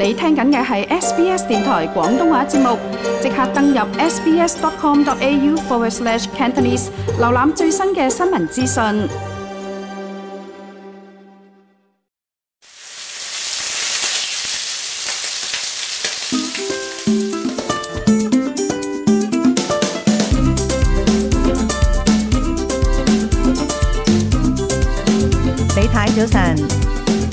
你聽緊嘅係 SBS 電台廣東話節目，即刻登入 sbs.com.au forward slash Cantonese，瀏覽最新嘅新聞資訊。李太，早晨。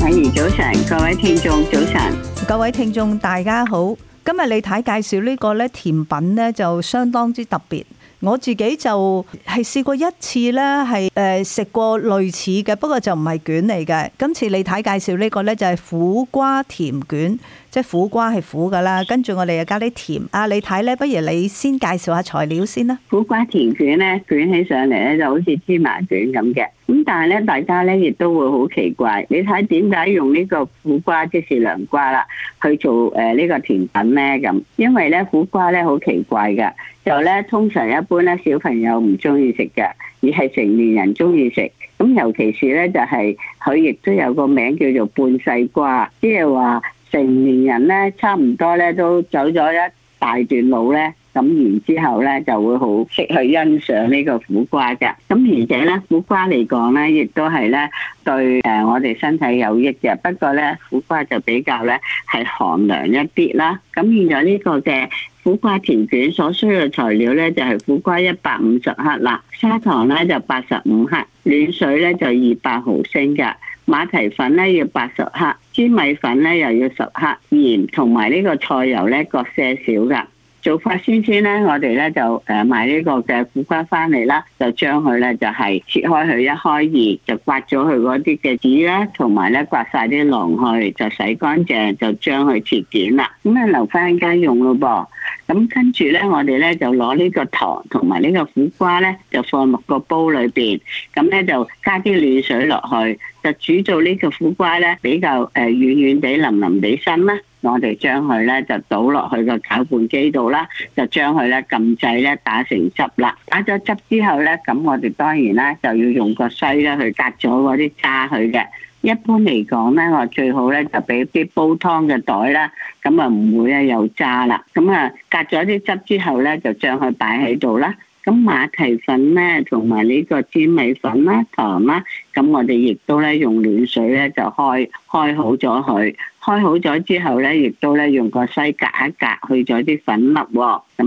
婉兒早晨，各位聽眾早晨。各位聽眾，大家好。今日李太介紹呢個咧甜品咧，就相當之特別。我自己就係試過一次咧，係誒食過類似嘅，不過就唔係卷嚟嘅。今次你睇介紹呢個呢，就係苦瓜甜卷，即係苦瓜係苦噶啦，跟住我哋又加啲甜。啊，你睇呢，不如你先介紹下材料先啦。苦瓜甜卷呢，捲起上嚟呢就好似芝麻卷咁嘅。咁但係呢，大家呢亦都會好奇怪。你睇點解用呢個苦瓜，即是涼瓜啦，去做誒呢個甜品咧？咁因為呢，苦瓜呢好奇怪嘅。就咧，通常一般咧，小朋友唔鍾意食嘅，而係成年人鍾意食。咁尤其是咧，就係佢亦都有個名叫做半世瓜，即係話成年人咧，差唔多咧都走咗一大段路咧。咁然之後咧，就會好識去欣賞呢個苦瓜嘅。咁而且咧，苦瓜嚟講咧，亦都係咧對誒我哋身體有益嘅。不過咧，苦瓜就比較咧係寒涼一啲啦。咁現在呢個嘅苦瓜甜卷所需要嘅材料咧，就係、是、苦瓜一百五十克啦，砂糖咧就八十五克，暖水咧就二百毫升嘅，馬蹄粉咧要八十克，粘米粉咧又要十克，鹽，同埋呢個菜油咧各些少嘅。做法，先先咧，我哋咧就誒買呢個嘅苦瓜翻嚟啦，就將佢咧就係切開佢一開二，就刮咗佢嗰啲嘅籽啦，同埋咧刮晒啲囊去，就洗乾淨，就將佢切片啦。咁啊留翻家用咯噃。咁跟住咧，我哋咧就攞呢個糖同埋呢個苦瓜咧，就放落個煲裏邊。咁咧就加啲暖水落去，就煮到個呢個苦瓜咧比較誒軟軟地、腍腍地身啦。我哋將佢咧就倒落去個攪拌機度啦，就將佢咧撳掣，咧打成汁啦。打咗汁之後咧，咁我哋當然啦，就要用個篩咧去隔咗嗰啲渣佢嘅。一般嚟講咧，我最好咧就俾啲煲湯嘅袋啦，咁啊唔會啊有渣啦。咁啊隔咗啲汁之後咧，就將佢擺喺度啦。咁馬蹄粉咧同埋呢個粘米粉啦、糖啦，咁我哋亦都咧用暖水咧就開開好咗佢。開好咗之後呢，亦都呢用個西隔一隔，去咗啲粉粒喎、喔。咁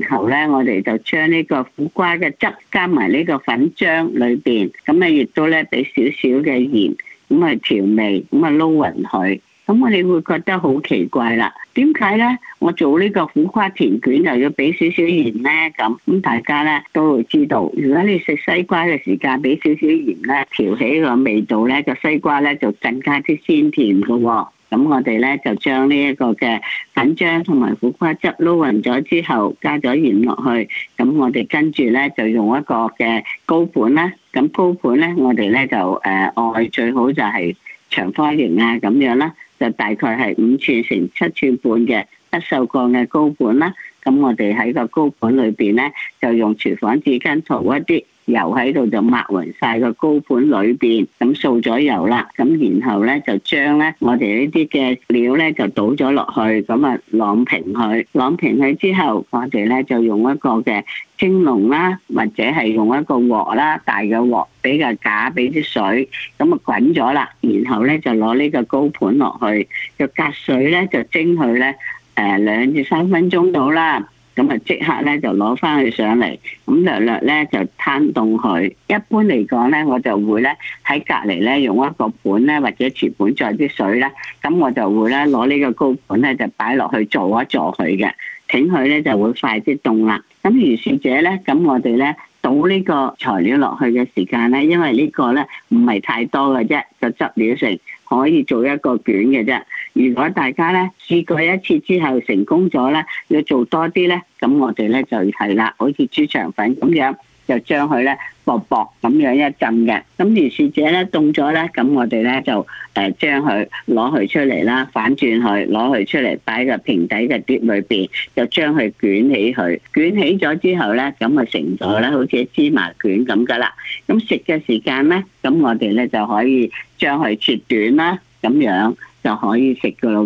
然後呢，我哋就將呢個苦瓜嘅汁加埋呢個粉漿裏邊。咁啊，亦都呢俾少少嘅鹽，咁啊調味，咁啊撈匀佢。咁我哋會覺得好奇怪啦。點解呢？我做呢個苦瓜甜卷又要俾少少鹽呢？咁咁大家呢都會知道，如果你食西瓜嘅時間俾少少鹽呢，調起個味道呢，個西瓜呢就更加之鮮甜㗎喎、喔。咁我哋咧，就將呢一個嘅粉漿同埋苦瓜汁撈匀咗之後，加咗鹽落去。咁我哋跟住咧，就用一個嘅高盤啦。咁高盤咧，我哋咧就誒，外、呃、最好就係長方形啊，咁樣啦。就大概係五寸乘七寸半嘅不銹鋼嘅高盤啦。咁我哋喺個高盤裏邊呢，就用廚房紙巾塗一啲油喺度，就抹勻晒個高盤裏邊，咁掃咗油啦。咁然後呢，就將呢我哋呢啲嘅料呢，就倒咗落去，咁啊晾平佢，晾平佢之後，我哋呢就用一個嘅蒸籠啦，或者係用一個鑊啦，大嘅鑊，比較假，俾啲水，咁啊滾咗啦。然後呢，就攞呢個高盤落去，就隔水呢，就蒸佢呢。誒、呃、兩至三分鐘到啦，咁啊即刻咧就攞翻佢上嚟，咁略略咧就攤凍佢。一般嚟講咧，我就會咧喺隔離咧用一個盤咧或者瓷盤載啲水咧，咁我就會咧攞呢個高盤咧就擺落去做一做佢嘅，整佢咧就會快啲凍啦。咁如是者咧，咁我哋咧倒呢個材料落去嘅時間咧，因為個呢個咧唔係太多嘅啫，就執料成可以做一個卷嘅啫。如果大家咧試過一次之後成功咗咧，要做多啲咧，咁我哋咧就係啦，好似豬腸粉咁樣，就將佢咧薄薄咁樣一浸嘅。咁如是者咧凍咗咧，咁我哋咧就誒將佢攞佢出嚟啦，反轉佢攞佢出嚟，擺喺個平底嘅碟裏邊，就將佢捲起佢，捲起咗之後咧，咁啊成咗啦，好似芝麻卷咁噶啦。咁食嘅時間咧，咁我哋咧就可以將佢切短啦，咁樣。就可以食噶咯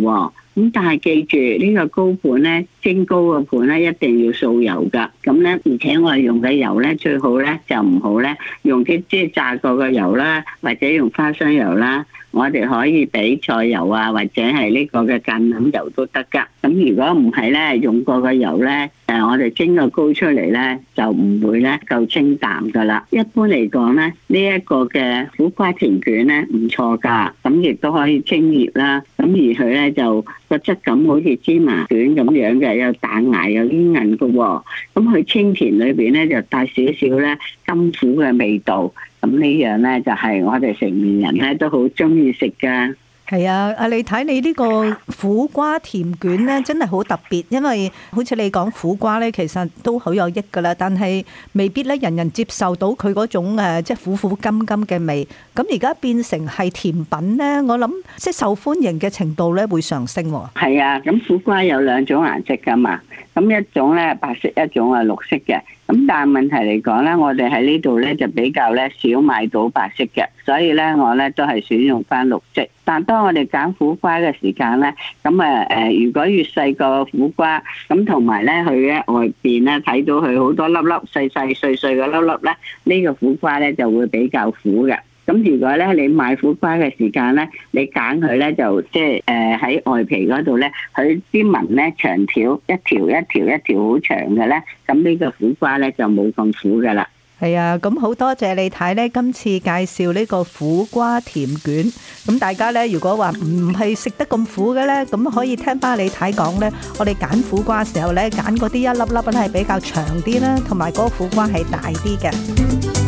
喎，咁但係記住、這個、盤，呢個糕盤咧，蒸糕個盤咧一定要掃油噶，咁咧而且我哋用嘅油咧最好咧就唔好咧用啲即係炸過嘅油啦，或者用花生油啦。我哋可以俾菜油啊，或者係呢個嘅橄欖油都得噶。咁如果唔係咧，用過個油咧，誒我哋蒸個糕出嚟咧，就唔會咧夠清淡噶啦。一般嚟講咧，呢一個嘅苦瓜甜卷咧唔錯噶，咁亦都可以清熱啦。咁而佢咧就個質感好似芝麻卷咁樣嘅，有彈牙有煙韌嘅喎。咁佢清甜裏邊咧就帶少少咧甘苦嘅味道。咁呢樣咧，就係我哋成年人咧都好中意食噶。係啊，阿你睇你呢個苦瓜甜卷咧，真係好特別，因為好似你講苦瓜咧，其實都好有益噶啦，但係未必咧人人接受到佢嗰種誒，即係苦苦甘甘嘅味。咁而家變成係甜品咧，我諗即係受歡迎嘅程度咧會上升。係啊，咁苦瓜有兩種顏色噶嘛。咁一種咧白色，一種係綠色嘅。咁但係問題嚟講咧，我哋喺呢度咧就比較咧少買到白色嘅，所以咧我咧都係選用翻綠色。但當我哋揀苦瓜嘅時間咧，咁誒誒，如果越細個苦瓜，咁同埋咧佢咧外邊咧睇到佢好多粒粒細細碎碎嘅粒粒咧，呢個苦瓜咧就會比較苦嘅。咁如果咧你買苦瓜嘅時間咧，你揀佢咧就即係誒喺外皮嗰度咧，佢啲紋咧長條一條一條一條好長嘅咧，咁呢個苦瓜咧就冇咁苦㗎喇。係啊，咁好多謝李太咧，今次介紹呢個苦瓜甜卷。咁大家咧如果話唔係食得咁苦嘅咧，咁可以聽翻李太講咧，我哋揀苦瓜時候咧揀嗰啲一粒粒係比較長啲啦，同埋嗰個苦瓜係大啲嘅。